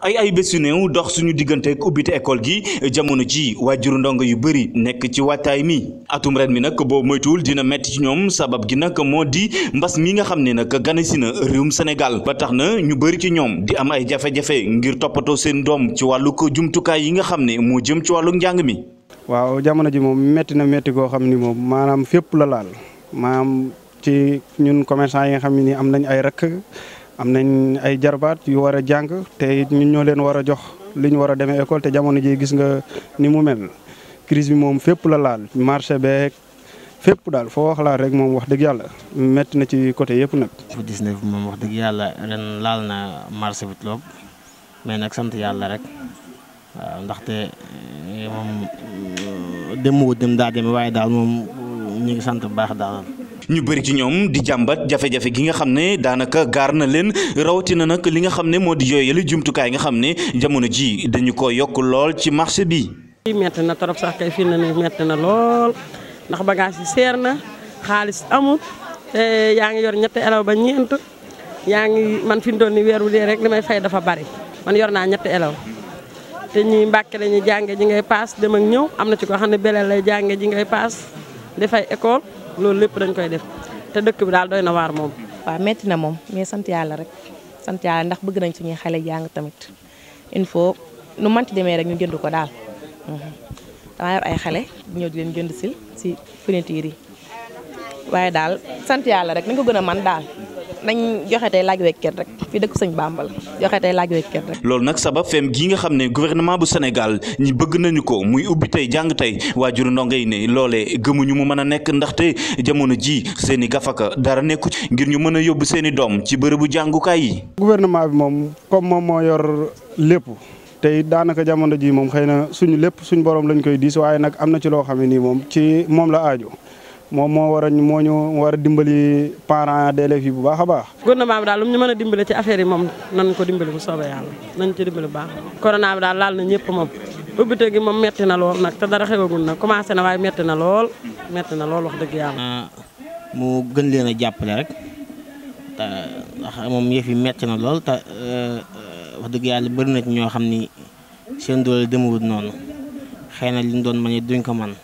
ay ay bésu néew dox suñu diggante ak ubbite école gi jamono ji waajuru ndongo yu bëri nekk ci wattaay mi atum ren mi nag boo moytuwul dina metti ci ñoom sabab gi nag moo di mbas mi nga xam ne nag ganasi na réewum Sénégal ba tax na ñu bari ci ñoom di am ay jafe-jafe ngir toppatoo seen doom ci wàllu jumtukaay yi nga xam ne moo jëm ci wàllu njàng mi. waaw jamono ji moom métti na métti goo xam ni moom maanaam fépp la laal maanaam ci ñun commerçant yi nga xam ne nii am nañ ay rakk. am nañ ay jarbaat yu war a jàng te it ñun ñoo leen war a jox li ñu war a demee école te jamono ji gis nga ni mu mel crise bi moom fépp la laal marché bee fépp daal foo wax laal rek moom wax dëgg yàlla métti na ci côté yëpp nag. covid-19 moom wax dëgg yàlla ren laal na marché bi trop mais nag sant yàlla rek ndaxte eh, moom eh, dem wu dem daa demee waaye daal moom eh, ñu ngi sant bu baax daal. ñu bëri ci ñoom di jàmbat jafe-jafe gi nga xam ne daanaka gaar na leen rawatina nag li nga xam ne moo di yooyali jumtukaay nga xam ne jamono ji dañu ko yokk lool ci marché bi. metti na torop sax kay fii na ni metti na lool ndax bagage yi seer na xaalis amul yaa ngi yor ñetti élèves ba ñeent yaa ngi man fi mu doon ni weer wu dee rek li may fay dafa bari man yor naa ñetti élèves te ñi Mbàkke la ñuy jànge ji ngay paas dem ak ñëw am na ci ko xam ne Belel lay jànge ji ngay paas dafay loolu lépp dañ koy def te dëkk bi daal doy na waar moom. waaw metti na moom mais sant yàlla rek sant ndax bëgg nañ suñuy xale jàng tamit il faut nu ti demee rek ñu jënd ko daal mhm. damaa ay xale ñëw di leen jënd sil si fourniture yi waaye daal sant yàlla rek nañ ko gën a man daal. nañ joxe tey laaj wekket rek fi dëkk sëñ Bàmba la joxe tey laaj wekket rek. loolu nag sabab fem gii nga xam ne gouvernement bu Sénégal ñi bëgg nañu ko muy ubbi tey jàng tey waajur ndongo yi ne loolee gëmuñu mu mën a nekk ndaxte jamono ji seen i gafaka dara nekku ci ngir ñu mën a yóbbu seen i doom ci bërëbu jàngukaay yi. gouvernement bi moom comme moom moo yor lépp. tey daanaka jamono ji moom xëy na suñu lépp suñ borom lañ koy diis waaye nag am na ci loo xam ne nii moom ci moom la aaju moom moo war a moo ñu war a dimbali parents d'élèves yi bu baax a baax. gouvernement bi daal lu ñu mën a dimbali ci affaire yi moom nañ ko dimbali bu soobee yàlla nañ ci dimbali bu baax corona bi daal laal na ñëpp moom ubbite gi moom metti na lool nag te dara xewagul nag commencé na waaye metti lool metti na lool wax dëgg yàlla. Ah, mu gën leen a jàppale rek moom yëf yi metti na lool te euh, wax dëgg yàlla bëri na ñoo xam ni seen doole demewul noonu xëy na li ñu doon mën duñ ko mën.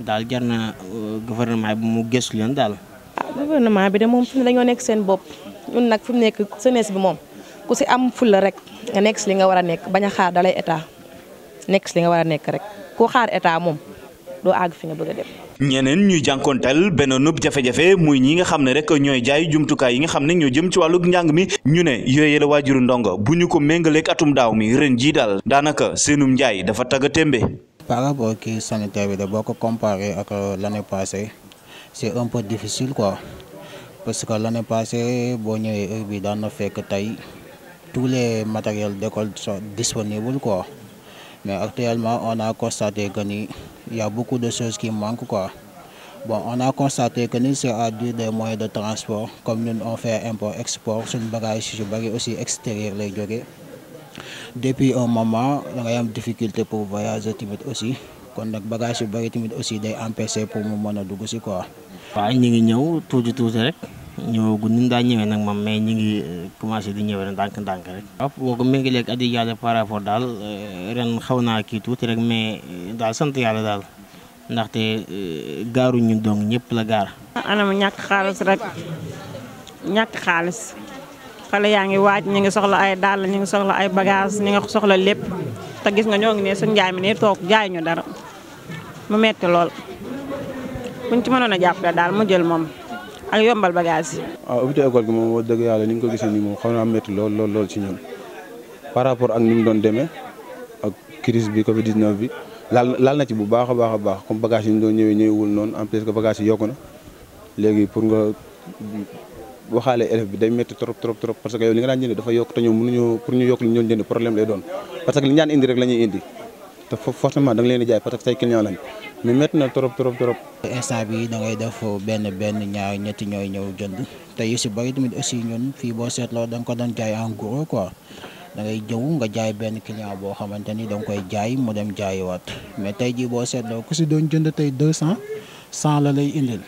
daal jar na euh, gouvernement bi mu gëstu leen daal. ah bi de moom fi mu dañoo nekk seen bopp ñun nag fu mu nekk jeunesse bi moom ku si am fulla rek nga nekk si li nga war a nekk bañ a xaar état nekk si nga war a nekk rek ku xaar état moom doo àgg fi nga bëgg a dem. ñeneen ñuy jànkonteel benn nub jafe-jafe muy ñi nga xam ne rek ñooy jaay jumtukaay yi nga xam ne ñoo jëm ci wàllu njàng mi ñu ne yooyee la waajuru ndongo bu ñu ko méngaleeg atum daaw mi ren jii daal daanaka seenum njaay dafa tagga témbe par rapport kii sanitaire bi de boo ko comparé ak euh, l'année passée c'est un peu difficile quoi parce que l'année passée boo ñëwee heure bi daan na fekk tey tous les matériels d'école sont disponibles quoi mais actuellement on a constaté que ni y a beaucoup de choses qui manquent quoi bon on a constaté que ni c'est à dire des moyens de transport comme ñun on fait import export suñu bagage yu bari aussi extérieur lay jógee. depuis un moment da ngay am difficulté pour voyager tamit aussi kon nag bagage yu bëri tamit aussi day empêché pour mu mën a dugg si quoi. waaw ñu ngi ñëw tuuti tuuti rek ñëwagu ni mu daa ñëwee nag moom mais ñu ngi euh, commencé di ñëwee ndànk-ndànk rek. waaw boo ko méngaleeg at yii yàlla par rapport daal euh, ren xaw naa kii tuuti rek mais euh, daal sant yàlla daal ndaxte gaaruñu dong ñëpp la gaar. anam ñàkk xaalis rek ñàkk xaalis. xale yaa ngi waaj ñu ngi soxla ay dàll ñu ngi soxla ay bagage ñu ngi soxla lépp te gis nga ñoo ngi ne sëñ Njaay mi ne toog jaay ñu dara mu metti lool buñ ci mënoon a jàppale daal mu jël moom ak yombal bagage yi. waaw ah, ubbi école bi moom wax dëgg yàlla ni ñu ko gisee nii moom xam naa metti lool lool lool ci ñun par rapport ak ni mu doon demee ak crise bi Covid 19 bi laal laal na ci bu baax a baax a baax comme bagage yi ñu doon ñëwee ñëwewul noonu en plus que bagage léegi pour nga. waxaale élève bi day métti trop trop trop parce que yow li nga daan jënd dafa yokk te ñoom mënuñoo pour ñu yokk li ñu doon jënd problème lay doon parce que li ñu daan indi rek la indi te forcément da leen jaay na trop trop trop. instant benn benn ñaar ñetti ñooy ñëw jënd te yu si bëri tamit aussi ñun fii boo seetloo da ko doon jaay en gros quoi da ngay jëw nga jaay benn client boo xamante ni da nga koy jaay moo dem jaayiwaat mais tey jii boo seetloo ku si doon jënd tey deux cent cent la lay indil.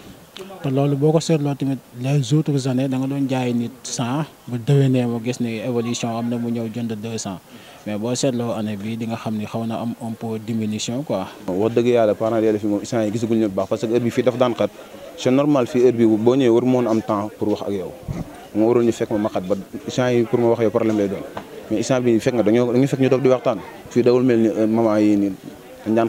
te loolu boo ko seetloo tamit les autres années da nga doon jaay nit cent bu déwénee mu gis ni évolution am na mu ñëw jënd deux cent mais boo seetloo année bii di nga xam ni xaw na am un peu diminution quoi. wax dëgg yàlla parents d'élèves fi moom instant yi gisaguñu leen bu baax parce que heure bi fii daf daan xat c'est normal fii heure bi boo ñëwee war moon am temps pour wax ak yow ma waroon ñu fekk ma ma xat ba yi pour ma wax problème lay mel ni euh, maman yi nii dañ daan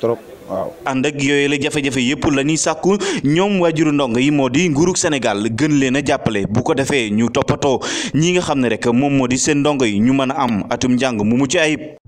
trop. waaw ànd ak yooyu la jafe-jafe yëpp la ñuy sàkku ñoom waajuru ndongo yi moo di nguurug Sénégal gën leen a jàppale bu ko defee ñu toppatoo ñi nga xam ne rek moom moo di seen ndongo yi ñu mën a am atum njàng mu mu mucc ayib